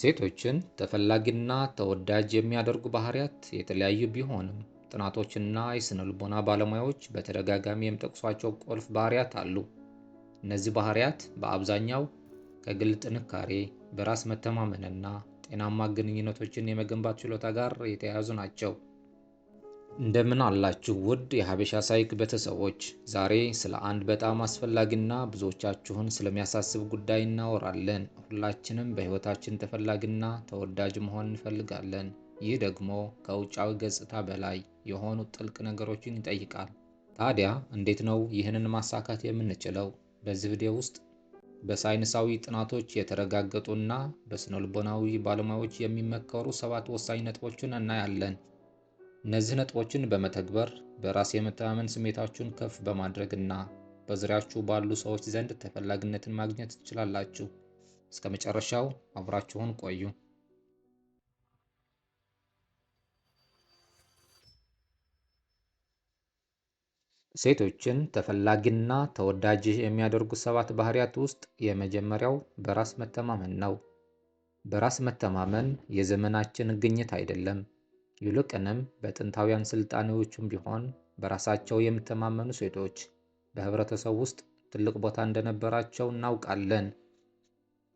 ሴቶችን ተፈላጊና ተወዳጅ የሚያደርጉ ባህሪያት የተለያዩ ቢሆንም ጥናቶችና የስነ ልቦና ባለሙያዎች በተደጋጋሚ የሚጠቅሷቸው ቁልፍ ባህሪያት አሉ። እነዚህ ባህሪያት በአብዛኛው ከግል ጥንካሬ፣ በራስ መተማመንና ጤናማ ግንኙነቶችን የመገንባት ችሎታ ጋር የተያያዙ ናቸው። እንደምን አላችሁ ውድ የሀበሻ ሳይክ ቤተሰቦች፣ ዛሬ ስለ አንድ በጣም አስፈላጊና ብዙዎቻችሁን ስለሚያሳስብ ጉዳይ እናወራለን። ሁላችንም በሕይወታችን ተፈላጊና ተወዳጅ መሆን እንፈልጋለን። ይህ ደግሞ ከውጫዊ ገጽታ በላይ የሆኑ ጥልቅ ነገሮችን ይጠይቃል። ታዲያ እንዴት ነው ይህንን ማሳካት የምንችለው? በዚህ ቪዲዮ ውስጥ በሳይንሳዊ ጥናቶች የተረጋገጡና በስነልቦናዊ ባለሙያዎች የሚመከሩ ሰባት ወሳኝ ነጥቦችን እናያለን። እነዚህ ነጥቦችን በመተግበር በራስ የመተማመን ስሜታችሁን ከፍ በማድረግ እና በዙሪያችሁ ባሉ ሰዎች ዘንድ ተፈላጊነትን ማግኘት ትችላላችሁ። እስከ መጨረሻው አብራችሁን ቆዩ። ሴቶችን ተፈላጊና ተወዳጅ የሚያደርጉ ሰባት ባህሪያት ውስጥ የመጀመሪያው በራስ መተማመን ነው። በራስ መተማመን የዘመናችን ግኝት አይደለም። ይልቅንም በጥንታውያን ስልጣኔዎቹም ቢሆን በራሳቸው የሚተማመኑ ሴቶች በህብረተሰብ ውስጥ ትልቅ ቦታ እንደነበራቸው እናውቃለን።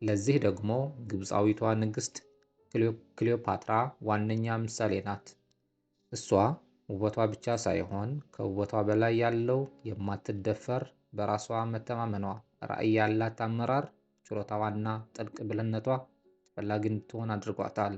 ለዚህ ደግሞ ግብፃዊቷ ንግሥት ክሊዮፓትራ ዋነኛ ምሳሌ ናት። እሷ ውበቷ ብቻ ሳይሆን ከውበቷ በላይ ያለው የማትደፈር በራሷ መተማመኗ፣ ራዕይ ያላት አመራር ችሎታዋና ጥልቅ ብልህነቷ ተፈላጊ እንድትሆን አድርጓታል።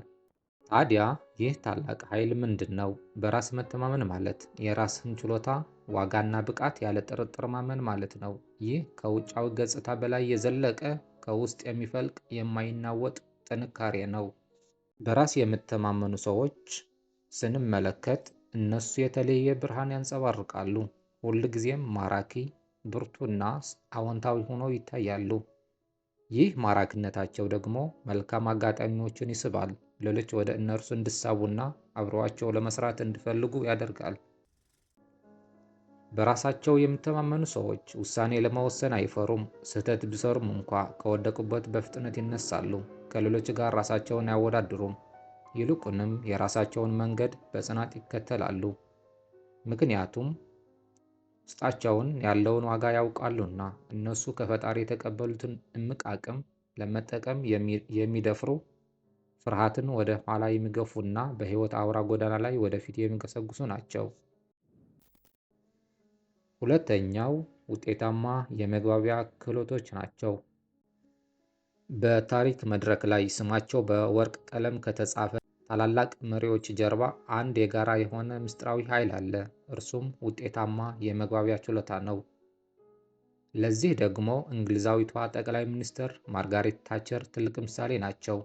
ታዲያ ይህ ታላቅ ኃይል ምንድን ነው? በራስ መተማመን ማለት የራስን ችሎታ ዋጋና ብቃት ያለ ጥርጥር ማመን ማለት ነው። ይህ ከውጫዊ ገጽታ በላይ የዘለቀ ከውስጥ የሚፈልቅ የማይናወጥ ጥንካሬ ነው። በራስ የምተማመኑ ሰዎች ስንመለከት እነሱ የተለየ ብርሃን ያንጸባርቃሉ። ሁልጊዜም ማራኪ፣ ብርቱና አዎንታዊ ሆነው ይታያሉ። ይህ ማራኪነታቸው ደግሞ መልካም አጋጣሚዎችን ይስባል። ሌሎች ወደ እነርሱ እንዲሳቡና አብረዋቸው ለመስራት እንዲፈልጉ ያደርጋል። በራሳቸው የሚተማመኑ ሰዎች ውሳኔ ለመወሰን አይፈሩም። ስህተት ቢሰሩም እንኳ ከወደቁበት በፍጥነት ይነሳሉ። ከሌሎች ጋር ራሳቸውን አያወዳድሩም። ይልቁንም የራሳቸውን መንገድ በጽናት ይከተላሉ። ምክንያቱም ውስጣቸውን ያለውን ዋጋ ያውቃሉና እነሱ ከፈጣሪ የተቀበሉትን እምቅ አቅም ለመጠቀም የሚደፍሩ ፍርሃትን ወደ ኋላ የሚገፉና በሕይወት አውራ ጎዳና ላይ ወደፊት የሚገሰግሱ ናቸው። ሁለተኛው ውጤታማ የመግባቢያ ክህሎቶች ናቸው። በታሪክ መድረክ ላይ ስማቸው በወርቅ ቀለም ከተጻፈ ታላላቅ መሪዎች ጀርባ አንድ የጋራ የሆነ ምስጢራዊ ኃይል አለ። እርሱም ውጤታማ የመግባቢያ ችሎታ ነው። ለዚህ ደግሞ እንግሊዛዊቷ ጠቅላይ ሚኒስትር ማርጋሬት ታቸር ትልቅ ምሳሌ ናቸው።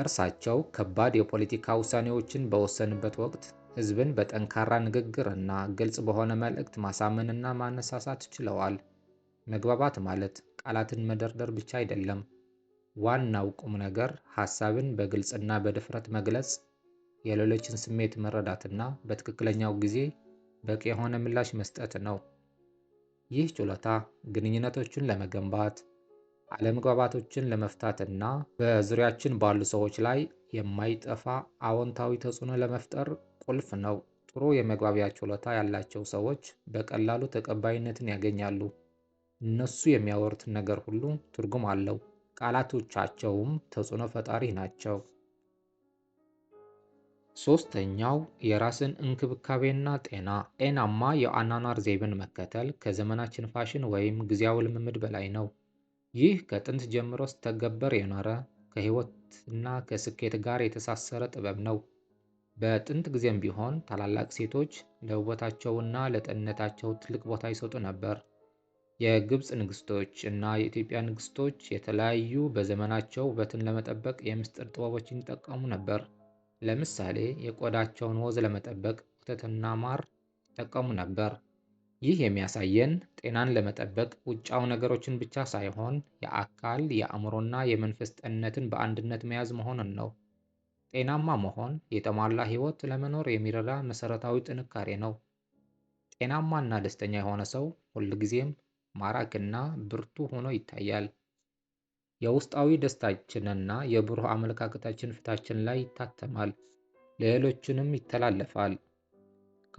እርሳቸው ከባድ የፖለቲካ ውሳኔዎችን በወሰንበት ወቅት ህዝብን በጠንካራ ንግግር እና ግልጽ በሆነ መልእክት ማሳመንና ማነሳሳት ችለዋል። መግባባት ማለት ቃላትን መደርደር ብቻ አይደለም። ዋናው ቁም ነገር ሐሳብን በግልጽና በድፍረት መግለጽ፣ የሌሎችን ስሜት መረዳትና በትክክለኛው ጊዜ በቂ የሆነ ምላሽ መስጠት ነው። ይህ ችሎታ ግንኙነቶችን ለመገንባት አለመግባባቶችን ለመፍታትና በዙሪያችን ባሉ ሰዎች ላይ የማይጠፋ አዎንታዊ ተጽዕኖ ለመፍጠር ቁልፍ ነው። ጥሩ የመግባቢያ ችሎታ ያላቸው ሰዎች በቀላሉ ተቀባይነትን ያገኛሉ። እነሱ የሚያወሩትን ነገር ሁሉ ትርጉም አለው፣ ቃላቶቻቸውም ተጽዕኖ ፈጣሪ ናቸው። ሶስተኛው የራስን እንክብካቤና ጤና። ጤናማ የአኗኗር ዘይቤን መከተል ከዘመናችን ፋሽን ወይም ጊዜያዊ ልምምድ በላይ ነው። ይህ ከጥንት ጀምሮ ሲተገበር የኖረ ከህይወትና ከስኬት ጋር የተሳሰረ ጥበብ ነው። በጥንት ጊዜም ቢሆን ታላላቅ ሴቶች ለውበታቸውና ለጤንነታቸው ትልቅ ቦታ ይሰጡ ነበር። የግብፅ ንግስቶች እና የኢትዮጵያ ንግስቶች የተለያዩ በዘመናቸው ውበትን ለመጠበቅ የምስጢር ጥበቦችን ይጠቀሙ ነበር። ለምሳሌ የቆዳቸውን ወዝ ለመጠበቅ ወተትና ማር ይጠቀሙ ነበር። ይህ የሚያሳየን ጤናን ለመጠበቅ ውጫው ነገሮችን ብቻ ሳይሆን የአካል፣ የአእምሮና የመንፈስ ጤንነትን በአንድነት መያዝ መሆንን ነው። ጤናማ መሆን የተሟላ ሕይወት ለመኖር የሚረዳ መሠረታዊ ጥንካሬ ነው። ጤናማና ደስተኛ የሆነ ሰው ሁልጊዜም ማራክና ብርቱ ሆኖ ይታያል። የውስጣዊ ደስታችንና የብሩህ አመለካከታችን ፊታችን ላይ ይታተማል፣ ለሌሎችንም ይተላለፋል።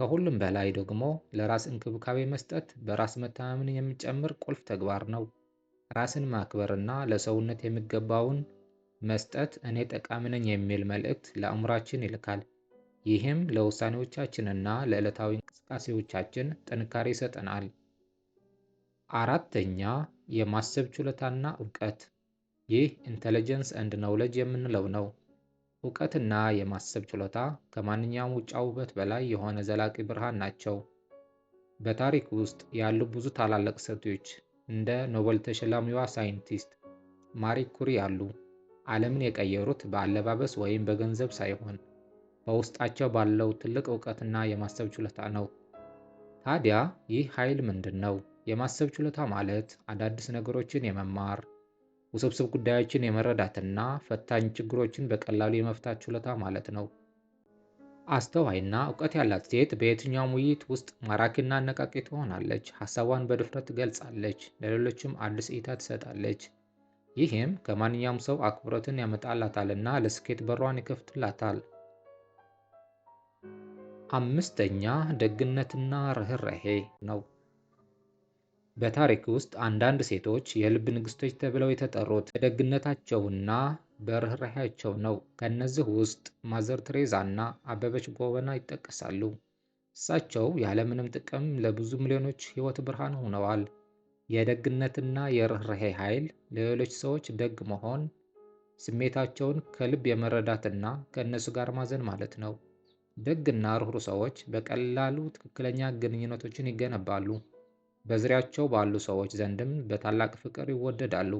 ከሁሉም በላይ ደግሞ ለራስ እንክብካቤ መስጠት በራስ መተማመን የሚጨምር ቁልፍ ተግባር ነው። ራስን ማክበርና ለሰውነት የሚገባውን መስጠት እኔ ጠቃሚ ነኝ የሚል መልእክት ለአእምሯችን ይልካል። ይህም ለውሳኔዎቻችንና ለዕለታዊ እንቅስቃሴዎቻችን ጥንካሬ ይሰጠናል። አራተኛ የማሰብ ችሎታና እውቀት ይህ ኢንተለጀንስ ኤንድ ነውለጅ የምንለው ነው። እውቀትና የማሰብ ችሎታ ከማንኛውም ውጫ ውበት በላይ የሆነ ዘላቂ ብርሃን ናቸው። በታሪክ ውስጥ ያሉ ብዙ ታላላቅ ሴቶች እንደ ኖበል ተሸላሚዋ ሳይንቲስት ማሪ ኩሪ ያሉ ዓለምን የቀየሩት በአለባበስ ወይም በገንዘብ ሳይሆን በውስጣቸው ባለው ትልቅ እውቀትና የማሰብ ችሎታ ነው። ታዲያ ይህ ኃይል ምንድን ነው? የማሰብ ችሎታ ማለት አዳዲስ ነገሮችን የመማር ውስብስብ ጉዳዮችን የመረዳትና ፈታኝ ችግሮችን በቀላሉ የመፍታት ችሎታ ማለት ነው። አስተዋይና እውቀት ያላት ሴት በየትኛውም ውይይት ውስጥ ማራኪና አነቃቂ ትሆናለች። ሀሳቧን በድፍረት ትገልጻለች፣ ለሌሎችም አዲስ እይታ ትሰጣለች። ይህም ከማንኛውም ሰው አክብሮትን ያመጣላታልና ለስኬት በሯን ይከፍትላታል። አምስተኛ ደግነትና ርህራሄ ነው። በታሪክ ውስጥ አንዳንድ ሴቶች የልብ ንግስቶች ተብለው የተጠሩት በደግነታቸውና በርኅራኄያቸው ነው። ከእነዚህ ውስጥ ማዘር ቴሬዛና አበበች ጎበና ይጠቀሳሉ። እሳቸው ያለምንም ጥቅም ለብዙ ሚሊዮኖች ሕይወት ብርሃን ሆነዋል። የደግነትና የርኅራኄ ኃይል ለሌሎች ሰዎች ደግ መሆን ስሜታቸውን ከልብ የመረዳትና ከእነሱ ጋር ማዘን ማለት ነው። ደግና ርኅሩ ሰዎች በቀላሉ ትክክለኛ ግንኙነቶችን ይገነባሉ። በዙሪያቸው ባሉ ሰዎች ዘንድም በታላቅ ፍቅር ይወደዳሉ።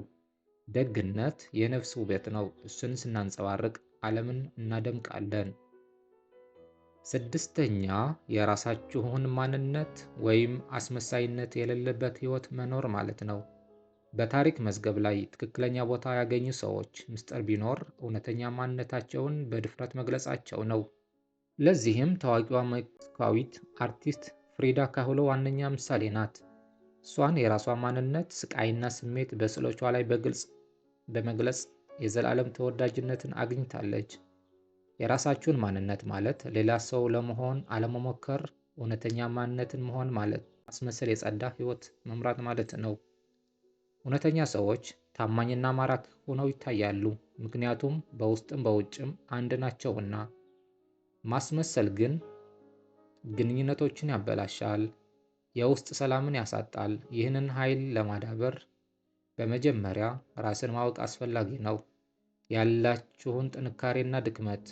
ደግነት የነፍስ ውበት ነው። እሱን ስናንጸባርቅ ዓለምን እናደምቃለን። ስድስተኛ የራሳችሁን ማንነት ወይም አስመሳይነት የሌለበት ሕይወት መኖር ማለት ነው። በታሪክ መዝገብ ላይ ትክክለኛ ቦታ ያገኙ ሰዎች ምስጢር ቢኖር እውነተኛ ማንነታቸውን በድፍረት መግለጻቸው ነው። ለዚህም ታዋቂዋ ሜክሲካዊት አርቲስት ፍሪዳ ካህሎ ዋነኛ ምሳሌ ናት። እሷን የራሷ ማንነት ስቃይና ስሜት በስዕሎቿ ላይ በግልጽ በመግለጽ የዘላለም ተወዳጅነትን አግኝታለች። የራሳችሁን ማንነት ማለት ሌላ ሰው ለመሆን አለመሞከር፣ እውነተኛ ማንነትን መሆን ማለት ማስመሰል የጸዳ ህይወት መምራት ማለት ነው። እውነተኛ ሰዎች ታማኝና ማራኪ ሆነው ይታያሉ፣ ምክንያቱም በውስጥም በውጭም አንድ ናቸውና። ማስመሰል ግን ግንኙነቶችን ያበላሻል፣ የውስጥ ሰላምን ያሳጣል። ይህንን ኃይል ለማዳበር በመጀመሪያ ራስን ማወቅ አስፈላጊ ነው። ያላችሁን ጥንካሬና ድክመት፣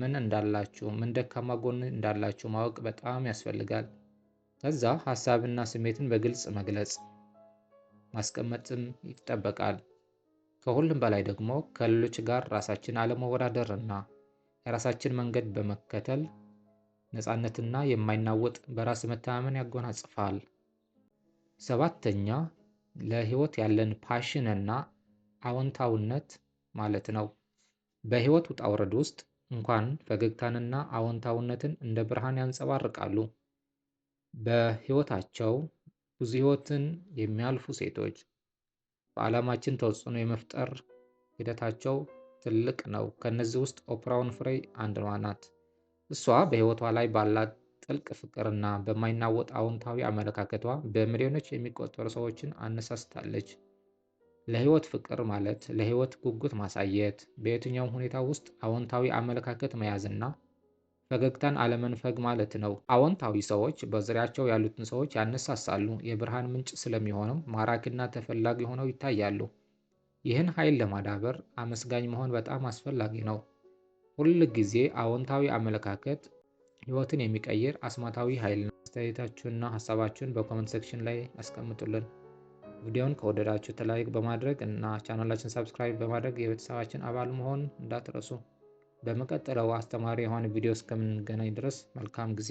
ምን እንዳላችሁ፣ ምን ደካማ ጎን እንዳላችሁ ማወቅ በጣም ያስፈልጋል። ከዛ ሀሳብና ስሜትን በግልጽ መግለጽ ማስቀመጥም ይጠበቃል። ከሁሉም በላይ ደግሞ ከሌሎች ጋር ራሳችን እና የራሳችን መንገድ በመከተል ነፃነትና የማይናወጥ በራስ መተማመን ያጎናጽፋል። ሰባተኛ ለህይወት ያለን ፓሽን እና አዎንታውነት ማለት ነው። በህይወት ውጣ ውረድ ውስጥ እንኳን ፈገግታንና አዎንታውነትን እንደ ብርሃን ያንጸባርቃሉ። በህይወታቸው ብዙ ህይወትን የሚያልፉ ሴቶች በዓላማችን ተጽዕኖ የመፍጠር ሂደታቸው ትልቅ ነው። ከነዚህ ውስጥ ኦፕራ ዊንፍሬይ አንዷ ናት። እሷ በህይወቷ ላይ ባላት ጥልቅ ፍቅርና በማይናወጥ አዎንታዊ አመለካከቷ በሚሊዮኖች የሚቆጠሩ ሰዎችን አነሳስታለች። ለህይወት ፍቅር ማለት ለህይወት ጉጉት ማሳየት፣ በየትኛውም ሁኔታ ውስጥ አዎንታዊ አመለካከት መያዝና ፈገግታን አለመንፈግ ማለት ነው። አዎንታዊ ሰዎች በዙሪያቸው ያሉትን ሰዎች ያነሳሳሉ፣ የብርሃን ምንጭ ስለሚሆንም ማራኪና ተፈላጊ ሆነው ይታያሉ። ይህን ኃይል ለማዳበር አመስጋኝ መሆን በጣም አስፈላጊ ነው። ሁል ጊዜ አዎንታዊ አመለካከት ህይወትን የሚቀይር አስማታዊ ኃይል ነው። አስተያየታችሁንና ሀሳባችሁን በኮመንት ሴክሽን ላይ አስቀምጡልን። ቪዲዮውን ከወደዳችሁ ተላይክ በማድረግ እና ቻናላችን ሰብስክራይብ በማድረግ የቤተሰባችን አባል መሆን እንዳትረሱ። በመቀጠለው አስተማሪ የሆነ ቪዲዮ እስከምንገናኝ ድረስ መልካም ጊዜ